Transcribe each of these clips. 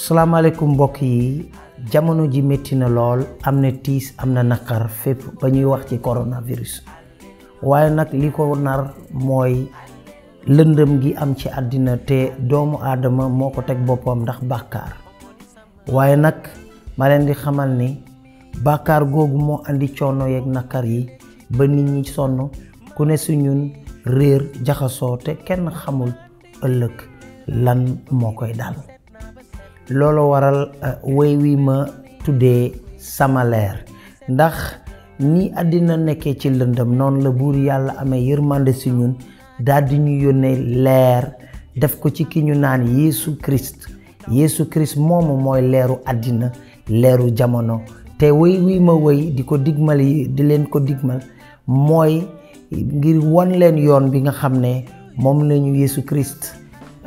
salaamaaleykum mbokk yi jamono ji metti na lool am na tiis am na naqar fépp ba ñuy wax ci coronavirus waaye nag li ko nar mooy lëndëm gi am ci àddina te doomu aadama moo ko teg boppam ndax bàkkaar waaye nag ma leen di xamal ni bàkkaar googu moo indi coono yeeg naqar yi ba nit ñi sonn ku ne su ñun réer jaxasoo te kenn xamul ëllëg lan moo koy dal loolu waral euh, way wi ma tuddee sama leer ndax ni àddina nekkee ci lëndam noonu la buur yàlla amee yërmande si ñun daldi ñu yónnee leer def ko ci ki ñu naan Yeesu Christ Yeesu Christ moomu mooy leeru àddina leeru jamono te wéy wi ma wéy di ko digmal di leen ko digmal mooy ngir won leen yoon bi nga xam ne moom lañu Yeesu Christ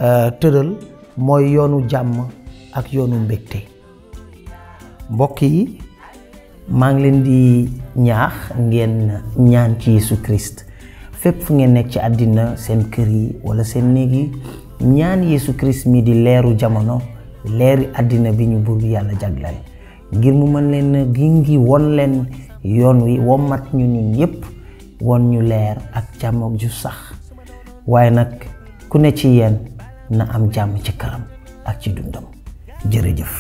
euh, tëral mooy yoonu jàmm ak yoonu mbégte mbokk yi maa ngi leen di ñaax ngeen ñaan ci Yeesu Christ fépp fu ngeen nekk ci àddina seen kër yi wala seen néeg ñaan Yeesu Christ mi di leeru jamono leeri àddina bi ñu buur bi yàlla jagleel ngir mu mën leen gi ngi won leen yoon wi womat ñu ñun yépp won ñu leer ak jàmm ju sax waaye nag ku ne ci yéen na am jàmm ci këram ak ci dundam jërëjëf